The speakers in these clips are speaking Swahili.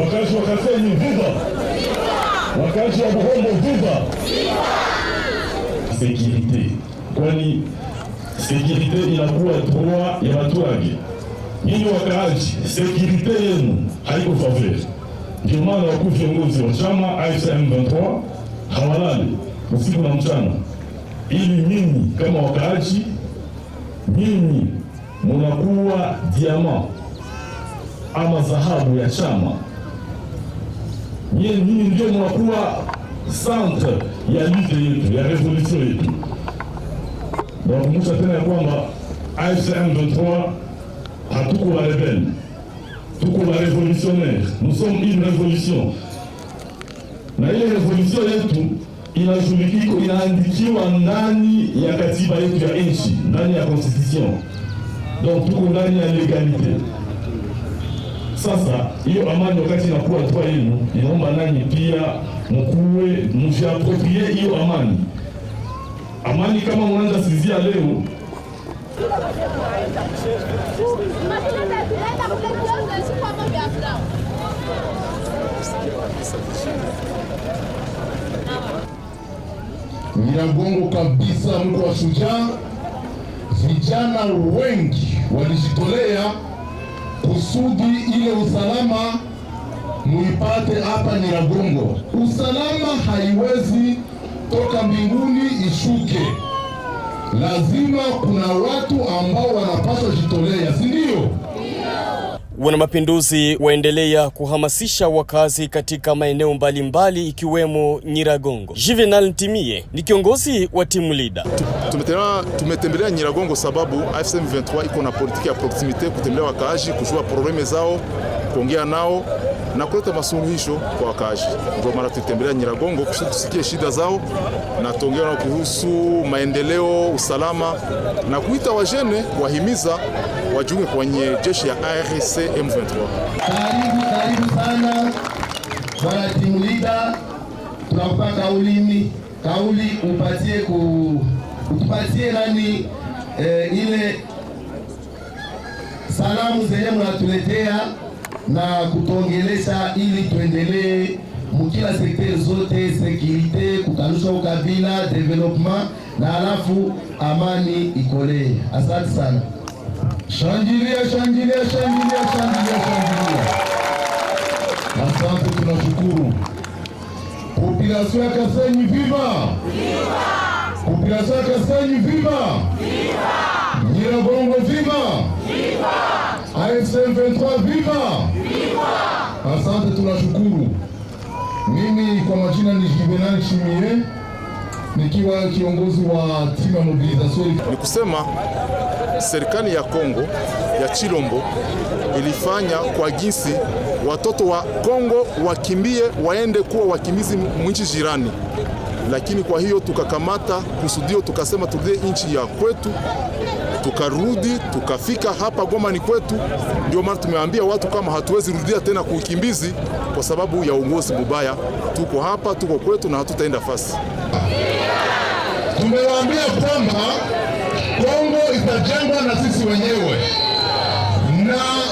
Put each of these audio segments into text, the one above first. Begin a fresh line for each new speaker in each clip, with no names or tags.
Wakazi wa Kasenyi viva! Wakazi wa Buhombo viva! Sekirite, kwani sekirite inakuwa droit ya watuage nyinyi wakaaji, sekirite yenu haiko faveur. Ndio maana wakuu viongozi wa chama AFC M23 hawalali usiku na mchana, ili nyinyi kama wakaaji, nyinyi munakuwa diama ama dhahabu ya chama nyinyi ndio mnakuwa centre ya lite yetu ya revolution yetu. Nawakumbusha tena ya kwamba AFC M23 hatuko wa rebelle, tuko wa revolutionnaire, nous sommes une revolution, na ile revolution yetu inashughulika inaandikiwa ndani ya katiba yetu ya nchi, ndani ya constitution, donc tuko ndani ya legalite sasa hiyo amani wakati inakuwa hatua yenu, inaomba nanyi pia mkuwe mshiaproprie hiyo amani. Amani kama mwanza sizia leo Nyiragongo kabisa, mko wa shujaa, vijana wengi walijitolea kusudi ile usalama muipate hapa Nyiragongo. Usalama haiwezi toka mbinguni ishuke, lazima kuna watu ambao wanapaswa jitolea, si ndio?
Wanamapinduzi waendelea kuhamasisha wakazi katika maeneo mbalimbali ikiwemo Nyiragongo. Juvenal Ntimie ni kiongozi wa timu LIDA.
Tumetembelea Nyiragongo sababu AFC M23 iko na politiki ya proximite, kutembelea wakaaji, kujua probleme zao, kuongea nao na kuleta masuluhisho kwa wakazi. Ndio maana tutembelea Nyiragongo kusudi tusikie shida zao na tuongee nao kuhusu maendeleo, usalama na kuita wajene kuwahimiza wajiunge kwenye jeshi ya ARC M23.
Karibu karibu sana bwana timu leader, tunakupa kauli ni kauli upatie ku utupatie nani eh, ile salamu zenye mnatuletea na kutongelesha ili tuendelee mukila sekter zote sekirite, kukanusha ukabila, development na alafu amani ikolee. Asante sana. Shangilia, shangilia, shangilia, shangilia, shangilia. Asante, tunashukuru. Population ya Kasenyi viva,
viva.
Population ya Kasenyi viva, viva. Nyiragongo viva, viva. AFC M23 Asante, tunashukuru. Mimi kwa majina ni Jivenal Chimie nikiwa kiongozi wa timu ya mobilization.
Ni kusema serikali ya Kongo ya Chilombo ilifanya kwa jinsi watoto wa Kongo wakimbie waende kuwa wakimbizi mwinchi jirani, lakini kwa hiyo tukakamata kusudio, tukasema turudie nchi ya kwetu tukarudi tukafika hapa Goma ni kwetu. Ndio maana tumeambia watu kama hatuwezi rudia tena kuukimbizi kwa sababu ya uongozi mbaya. Tuko hapa, tuko kwetu na hatutaenda fasi.
Tumewaambia kwamba Kongo itajengwa na sisi wenyewe na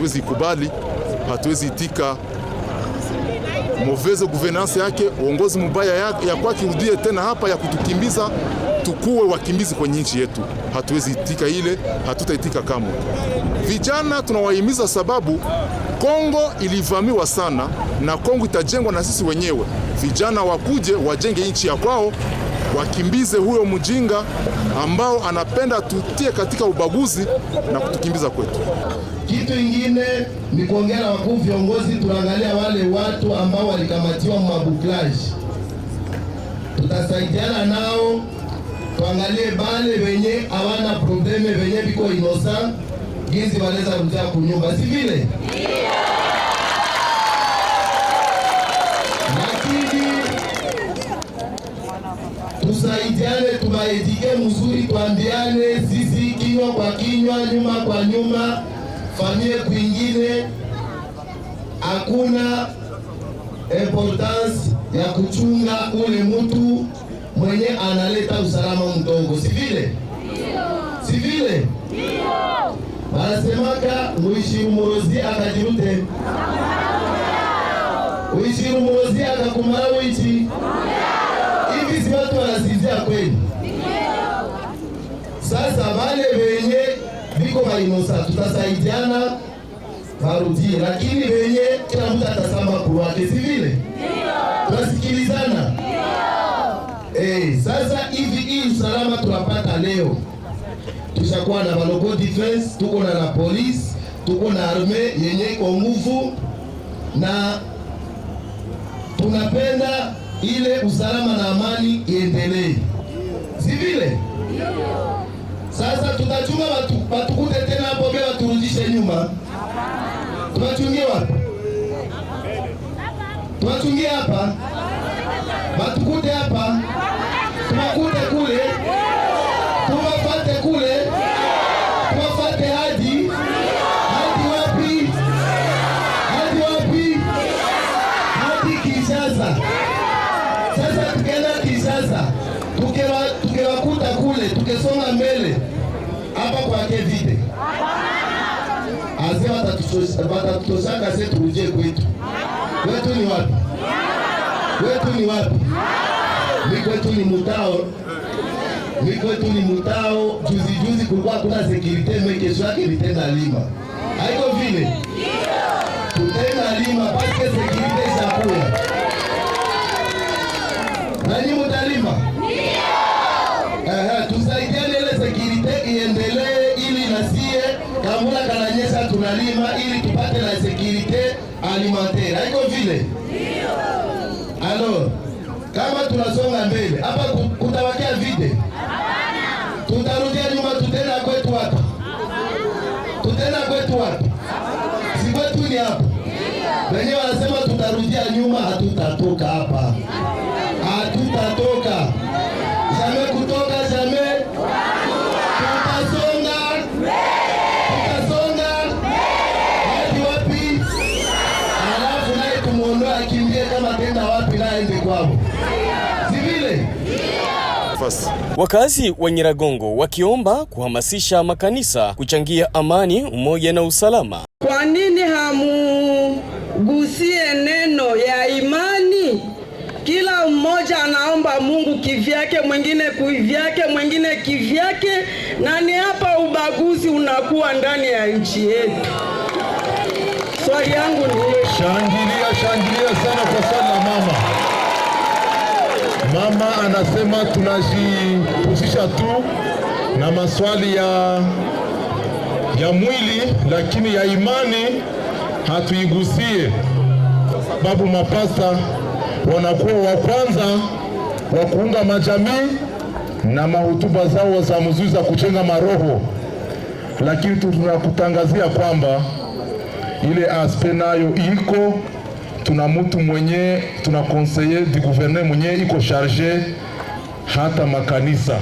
hatuwezi kubali, hatuwezi itika moveze governance yake, uongozi mubaya ya, ya kwake urudie tena hapa ya kutukimbiza tukuwe wakimbizi kwenye nchi yetu. Hatuwezi itika ile, hatutaitika kamwe. Vijana tunawahimiza sababu Kongo ilivamiwa sana na Kongo itajengwa na sisi wenyewe. Vijana wakuje wajenge nchi ya kwao, wakimbize huyo mjinga ambao anapenda tutie katika ubaguzi na kutukimbiza kwetu.
Kitu ingine ni kuongea na wakuu viongozi, tunaangalia wale watu ambao walikamatiwa mabuklaji, tutasaidiana nao tuangalie bale wenye hawana probleme venye viko inosa gizi wanaweza rudia kunyumba, si vile? Lakini tusaidiane, tubaedike mzuri, tuambiane sisi kinywa kwa kinywa, nyuma kwa nyuma famie kwingine hakuna importance ya kuchunga ule mtu mwenye analeta usalama mdogo, si vile? Si vile banasemaka muishirumurozi akajirute uishirumurozi akakumara wichi hivi, si watu wanasizia kweli? Sasa vale venye tuko mainosa, tutasaidiana barudie, lakini wenye kila mtu atasama kuwake, si vile? Tunasikilizana ndio eh? Sasa hivi hii usalama tunapata leo, tushakuwa na baloko defense, tuko na la police, tuko na arme yenye kwa nguvu, na tunapenda ile usalama na amani iendelee, si vile? Sasa tutachuma watu watukute tena hapo mbele, waturudishe nyuma. Tuwachungie wapi? Tuwachungie hapa, watukute hapa wetu uje kwetu. Kwetu ni wapi? wetu ni wapi? Ni kwetu ni mutao. Ni kwetu ni mutao. Juzi juzi kulikuwa kuna sekirite mwe, kesho yake ni tena lima. Haiko vile? kutenda lima paske sekirite itakuwa. Nani mutalima? tunasonga mbele. Hapa kutawakia vide, tutarudia nyuma, tutena kwetu hapa, tutena kwetu hapa, si kwetu ni hapa. Wenyewe wanasema tutarudia nyuma, hatutatoka hapa. akimbie, kama ataenda wapi kwao.
Wakazi wa Nyiragongo wakiomba kuhamasisha makanisa kuchangia amani, umoja na usalama.
Kwa nini hamugusie neno ya imani? Kila mmoja anaomba Mungu kivyake, mwingine kuivyake, mwingine kivyake, na ni hapa ubaguzi unakuwa ndani ya nchi yetu. Swali yangu ni
shangilia, shangilia sana kwa sana mama. Mama anasema tunajihusisha tu na maswali ya, ya mwili lakini ya imani hatuigusie. Babu mapasta wanakuwa wa kwanza wa kuunga majamii na mahutuba zao za mzuri za kujenga maroho, lakini tunakutangazia kwamba ile aspe nayo iko tuna mtu mwenye tuna conseiller du gouverneur mwenye iko charge hata makanisa,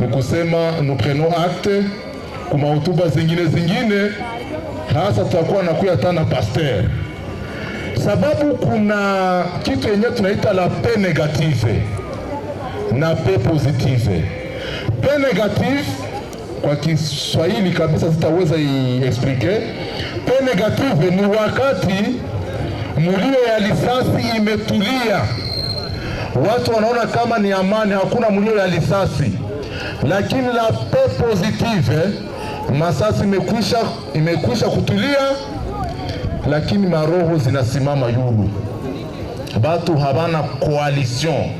nikusema nous prenons acte kuma hotuba zingine zingine, hasa tutakuwa kuya tana pasteur, sababu kuna kitu yenye tunaita la pe negative na pe positive. Pe negative kwa Kiswahili kabisa sitaweza iexplike. Pe negative ni wakati mulio ya lisasi imetulia, watu wanaona kama ni amani, hakuna mulio ya lisasi. Lakini la pe positive, masasi imekwisha, imekwisha kutulia, lakini maroho zinasimama yulu. Batu habana koalisyon,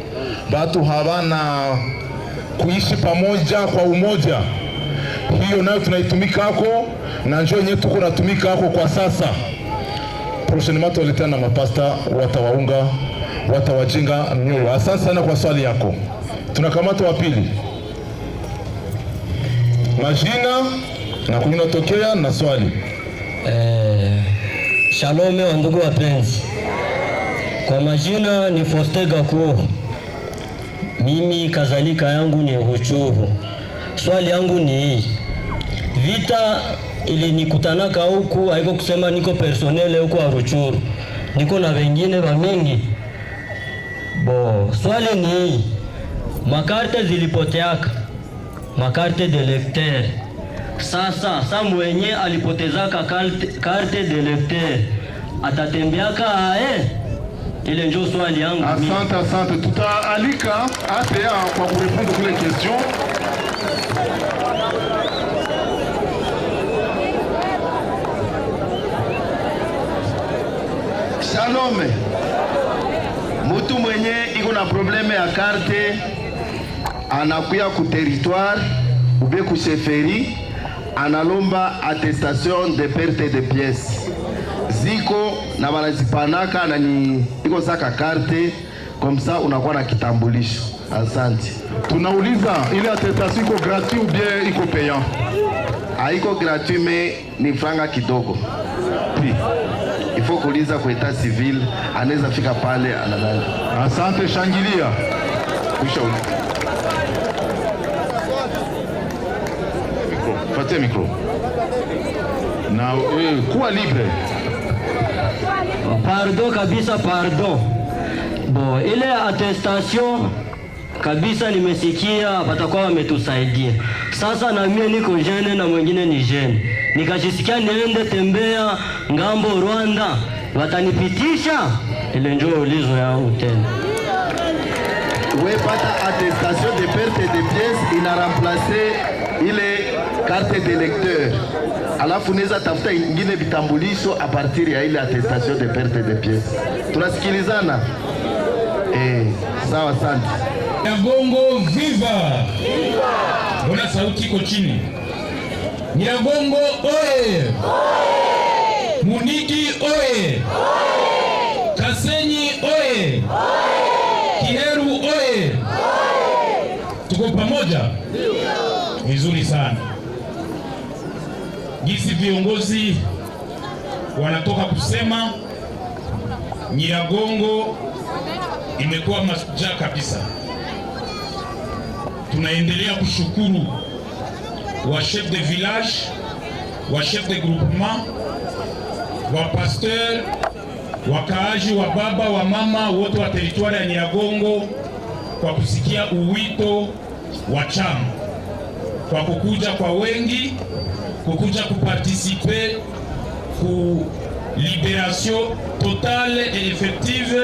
batu habana kuishi pamoja kwa umoja hiyo nayo tunaitumika hako na njoo yenyewe tuko natumika hako kwa sasa. mato tutaletea na mapasta watawaunga, watawajenga mioyo. Asante sana kwa swali yako. Tunakamata wa pili, majina na kunatokea na swali
eh. Shalome wa ndugu wapenzi, kwa majina ni Foster Gakuo, mimi kadhalika yangu ni huchuru Swali yangu ni hii vita ilinikutanaka huku, haiko kusema niko personele huku Aruchuru, niko na wengine mingi Bo, swali ni hii, makarte zilipoteaka makarte de lecteur. Sasa sa mwenye alipotezaka karte, de lecteur atatembeaka ae ile njo swali yangu.
Asante, asante, tutaalika APA kwa kureponde kule question
Banome, mutu mwenye iko na probleme ya karte anakuya ku territoire ube ku sheferi analomba attestation de perte de pièces ziko na banazipanaka na ni iko saka karte komsa unakuwa na kitambulisho. Asante.
Tunauliza ile attestation iko gratuit ou bien iko payant?
Haiko gratuit, me ni franga kidogo. Pi ilifo kuuliza kwa civil, anaweza fika pale anadai.
Asante, shangilia Patie mikro na eh, kuwa libre.
Pardon kabisa, pardon. bo ile attestation kabisa, nimesikia patakuwa wametusaidia. Sasa na mie niko jene na mwingine ni jene, nikajisikia niende tembea ngambo Rwanda, watanipitisha ile njo ulizo yangu tena.
Wepata attestation de perte de pièces ina remplacer ile carte de lecteur, alafu neza tafuta ingine vitambulisho a partir ya ile attestation de perte de pièces. Tunasikilizana eh? Sawa, asante.
Nyiragongo viva! Mbona sauti iko chini? Nyiragongo oye! Munigi oye! Kasenyi oye! Kiheru oye! Tuko pamoja vizuri sana. gisi viongozi wanatoka kusema Nyiragongo imekuwa mashujaa kabisa tunaendelea kushukuru wa chef de village, wa chef de groupement, wa pasteur, wakaaji wa baba wa mama wote wa teritwari ya Nyagongo kwa kusikia uwito wa chama kwa kukuja kwa wengi kukuja kupartisipe ku liberation totale et effective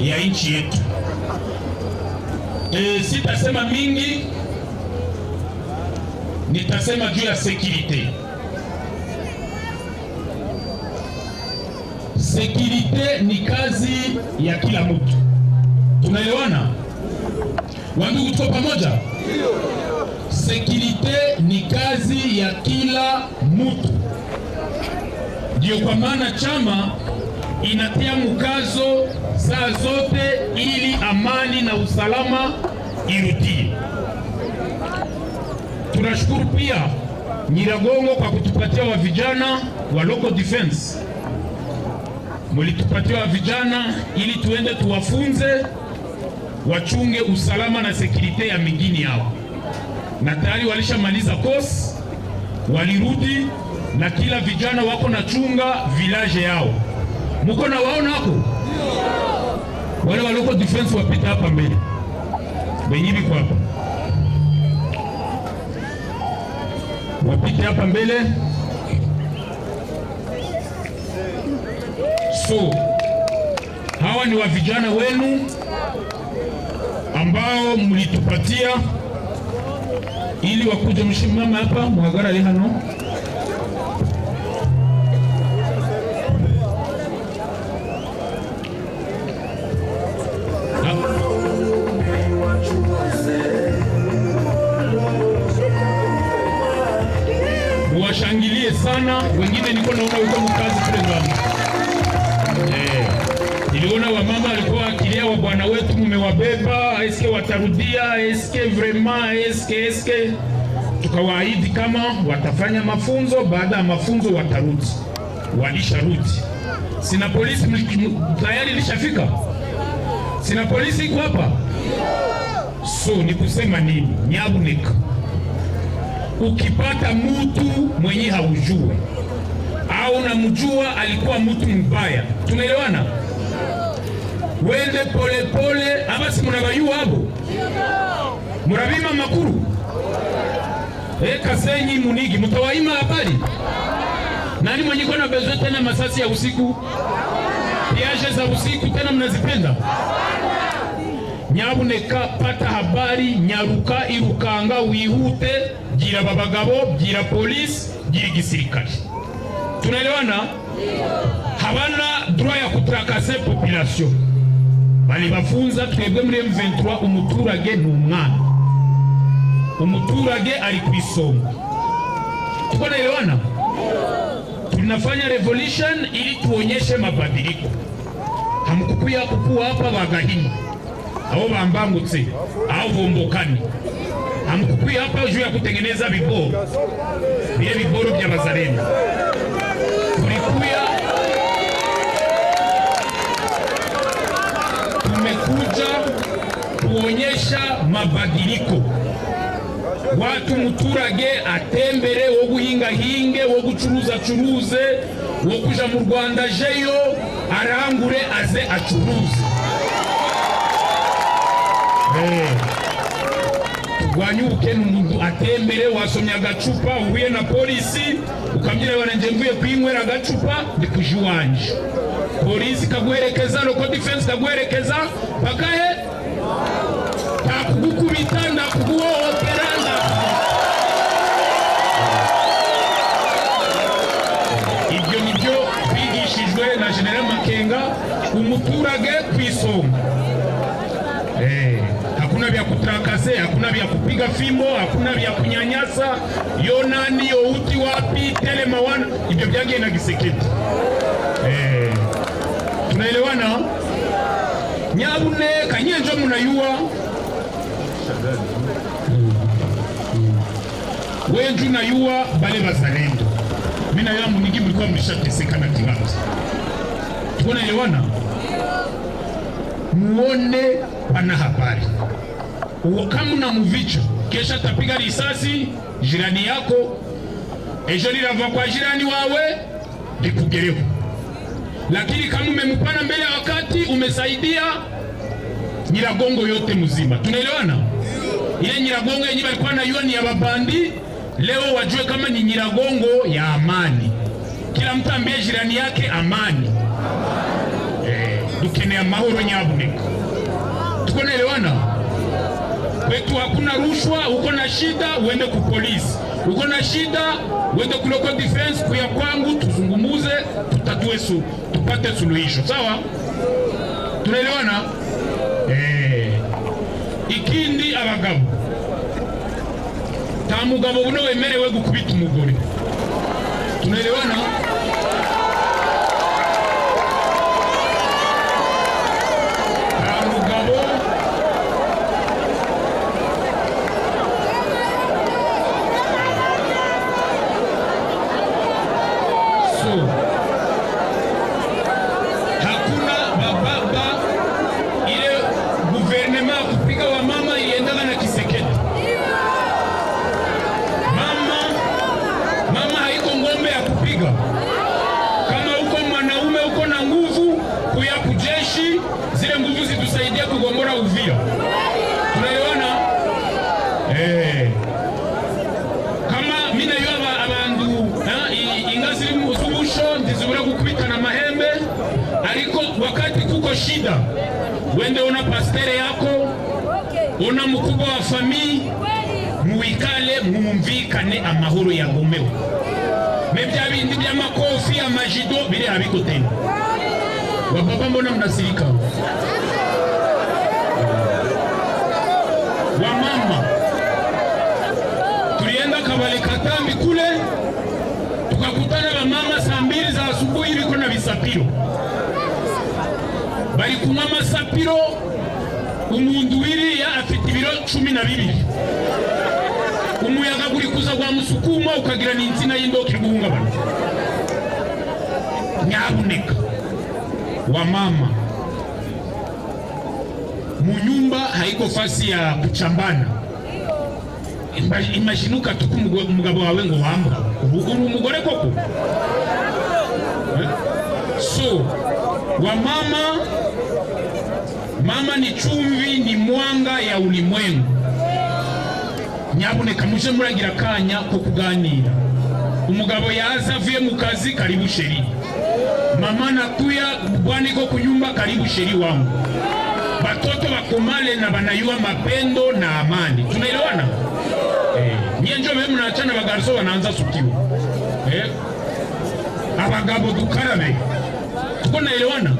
ya nchi yetu. E, sitasema mingi, nitasema juu ya sekurite. Sekurite ni kazi ya kila mtu, tunaelewana wandugu, tuko pamoja? Sekurite ni kazi ya kila mtu, ndio kwa maana chama inatia mkazo saa zote, ili amani na usalama irudie. Tunashukuru pia Nyiragongo kwa kutupatia wa vijana wa local defense, mulitupatia wa vijana ili tuende tuwafunze wachunge usalama na sekurite ya mingini yao, na tayari walishamaliza course walirudi na kila vijana wako na chunga vilaje yao, muko na waona hapo wale waloko defense wapita hapa mbele wenye hivi kwa hapa wapite hapa mbele. So hawa ni wa vijana wenu ambao mlitupatia ili wakuja mshimama hapa mwagara lehano sana. wengine, niko naona yuko mkazi kule ndani eh, niliona wamama alikuwa akilia wa bwana wetu mmewabeba, eske watarudia, eske vraiment, eske eske. Tukawaahidi kama watafanya mafunzo, baada ya mafunzo watarudi. Walisharudi. Sina polisi tayari lishafika, sina polisi iko hapa, so ni kusema nini? Nyabuneka ukipata mutu mwenye haujue au unamjua alikuwa mutu mbaya, tumeelewana Wende polepole abasi, munabayuwa abo murabima makuru e Munigi, mutawaima habari nani mwenye kuwa na bezwe tena masasi ya usiku piaje za usiku tena mnazipenda nyabuneka pata habari nyaruka irukanga wihute jira babagabo byira polisi jira igisirikare tunaelewana habana droit ya kutrakase population bafunza twebwe muri M23 umuturage ni umwana umuturage ari ku isonga tuko tunafanya revolution ili tuonyeshe mabadiliko hamkukuya kukuwa hapa bagahini abo bambangutse abo bombokani hamkukui hapa juu ya kutengeneza viboro vile viboro vya wazalendo, tulikuya tumekuja kuonyesha mabadiliko watu muturage atembere wo guhinga hinge wo gucuruza curuze wo kuja mu Rwanda jeyo arangure aze acuruze hey. Eh. wanyuke n'umuntu atembere wasomye agacupa uhuye na polisi ukabyina bana nje mvuye kwinywera agacupa ndi kuja polisi kagwerekeza loko defense kagwerekeza paka he ntakugukubita ntakuguhohotera ibyo nibyo bigishijwe na general makenga umuturage kwisonga vya kutrakase, hakuna vya kupiga fimbo, hakuna vya kunyanyasa yonani youti wapi telema wana ibyo byangiye na kisikiti eh, tunaelewana nyabune kanyenjo munayua wenju nayua bale bazalendo mina yangu ningi mlikuwa mlishateseka na kigazi tunaelewana muone pana habari kama unamuvicha kesha tapiga risasi jirani yako, ejo lirava kwa jirani wawe likugereho. Lakini kama umemupana mbele ya wakati, umesaidia Nyiragongo yote mzima. Tunaelewana? Ile Nyiragongo yenyewe walikuwa naiua ni ya babandi, leo wajue kama ni Nyiragongo ya amani. Kila mtu ambie jirani yake amani, eh, dukeneye amahoro nyabuneka. Tuko naelewana? kwetu hakuna rushwa. Uko na shida uende ku polisi, uko na shida uende ku local defense, kuya kwangu tuzungumuze, tutatue su, tupate suluhisho. Sawa, tunaelewana eh? Ikindi abagabo ta mugabo buno wemerewe gukubita umugore, tunaelewana amahoro yagomewe me bya bindi by'amakofi amajido biri habiko tena wapapa mbona mnasirika wamama tulienda Kabale Katambi kule tukakutana wamama saa mbili za asubuhi hivi kuna visapiro bari kunywa amasapiro umundu wiriya afite ibiro cumi na bibiri umuyaga guri kuza gwa musukuma ukagira n'insina y'indoke guhungabana nyabuneka wa mama munyumba haiko fasi ya kuchambana imajini ukatuka umugabo wawe ngo wamba uri umugore koko eh? so wa mama mama ni chumvi ni mwanga ya ulimwengu nyabuneka muje muragira akanya ko kuganira umugabo yaza avuye mu kazi karibu sheri mama natuya bwani ko kunyumba karibu sheri wangu batoto bakomale na banayua mapendo na amani tunaelewana eh, njo mwe mnaachana bagarso wanaanza sukiwa eh, abagabo dukarabe tuko naelewana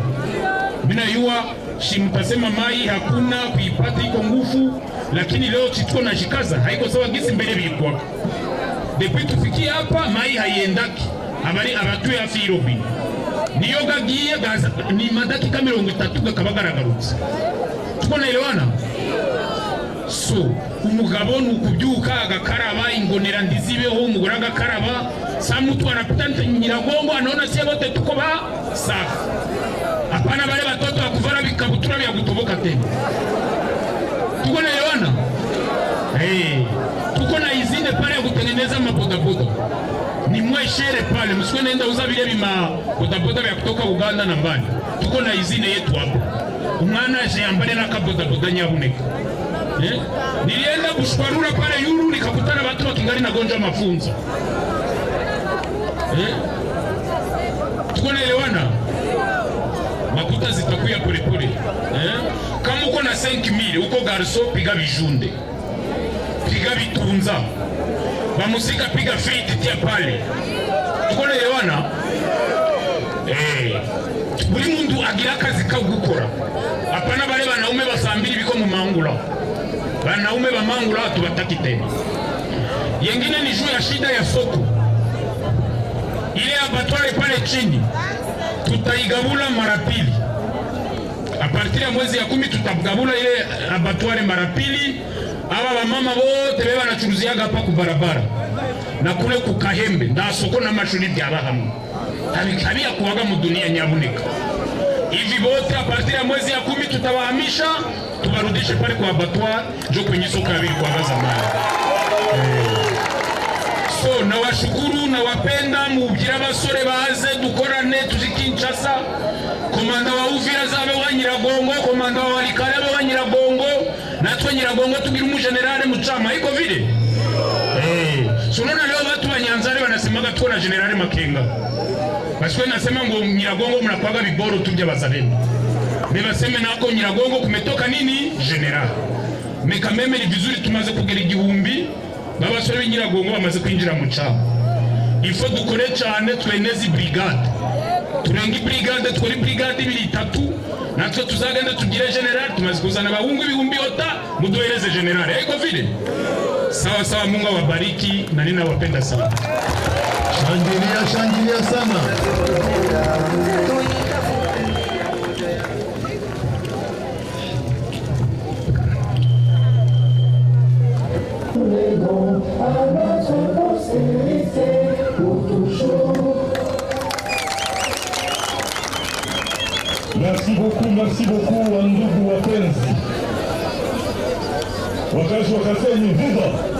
minayua shimpasema mai hakuna kuipata iko ngufu lakini leo chituko na jikaza haiko sawa gisi mbele bilikwa depuis tufikie hapa mai haiendaki abari abatuye hafi y'irobi niyo gagiye gaza ni madakika mirongo itatu tuko na elewana so umugabo ni ukubyuka agakaraba ingonera ndizibeho umugore agakaraba samutu mtu anapita nyiragongo anaona sie wote tuko ba safi apana wale batoto wakuvara vikabutura vya kutoboka tena tuko na elewana hey. Kuko na izine pale ya kutengeneza mabodaboda ni mweshere pale, msikuwe naenda uza vile vima bodaboda vya kutoka Uganda na mbali. Tuko na izine yetu hapo, umwana yambale naka bodaboda nyabuneke eh? Nilienda kushwarura pale yuru, nikakutana watu wakingali na gonjwa mafunzo eh? Tuko naelewana, makuta zitakuya polepole eh? Kama uko na 5000 uko garso piga vijunde piga bitunza bamusika piga fiti tia pale tuko yewana eh buri mundu agira akazi ka gukora apana bale banaume basambiri biko mu mangula banaume ba mangula watu bataki tena yengine ni juu ya shida ya soko ile abatware pale chini tutaigabula mara pili a partir ya mwezi ya kumi tutagabula ile abatware mara pili aba bamama bote be banacuruza iyagapa ku barabara na kule ku kahembe nta soko n'amashuri byabahamwe habiya kuwaga mu dunia nyabuneka hivi bote apartiri ya mwezi ya kumi tutabahamisha tuwarudishe pale kwa batwa jo kwenye soko ya pili kwa zamani eh. so nawashukuru nawapenda mubwira abasore baze dukorane tuzi Kinshasa komanda wa Uvira zabe wanyiragongo komanda wa Walikale wanyiragongo natwe nyiragongo tugira umujenerali mucama iko vile eh. So leo watu wa Nyanzale wanasemaga tuko na Generali Makenga, basi wewe nasema ngo Nyiragongo mnapaga viboro tu vya wazalendo, na nako Nyiragongo kumetoka nini general mekameme. Ni vizuri tumaze kugira igihumbi babasore Nyiragongo bamaze kwinjira mu cama, ifo dukore cyane tweneze brigade turenga brigade dukora brigade ibiri itatu natwe tuzagende tugire generali tumaze kuzana abahungu ibihumbi yota muduhereze generali ego eh, vile sawa sawa Mungu awabariki na ninawapenda sana shangilia shangilia sana beaucoup, merci beaucoup, wandugu wapenzi, wakazi wa Kasenyi, viva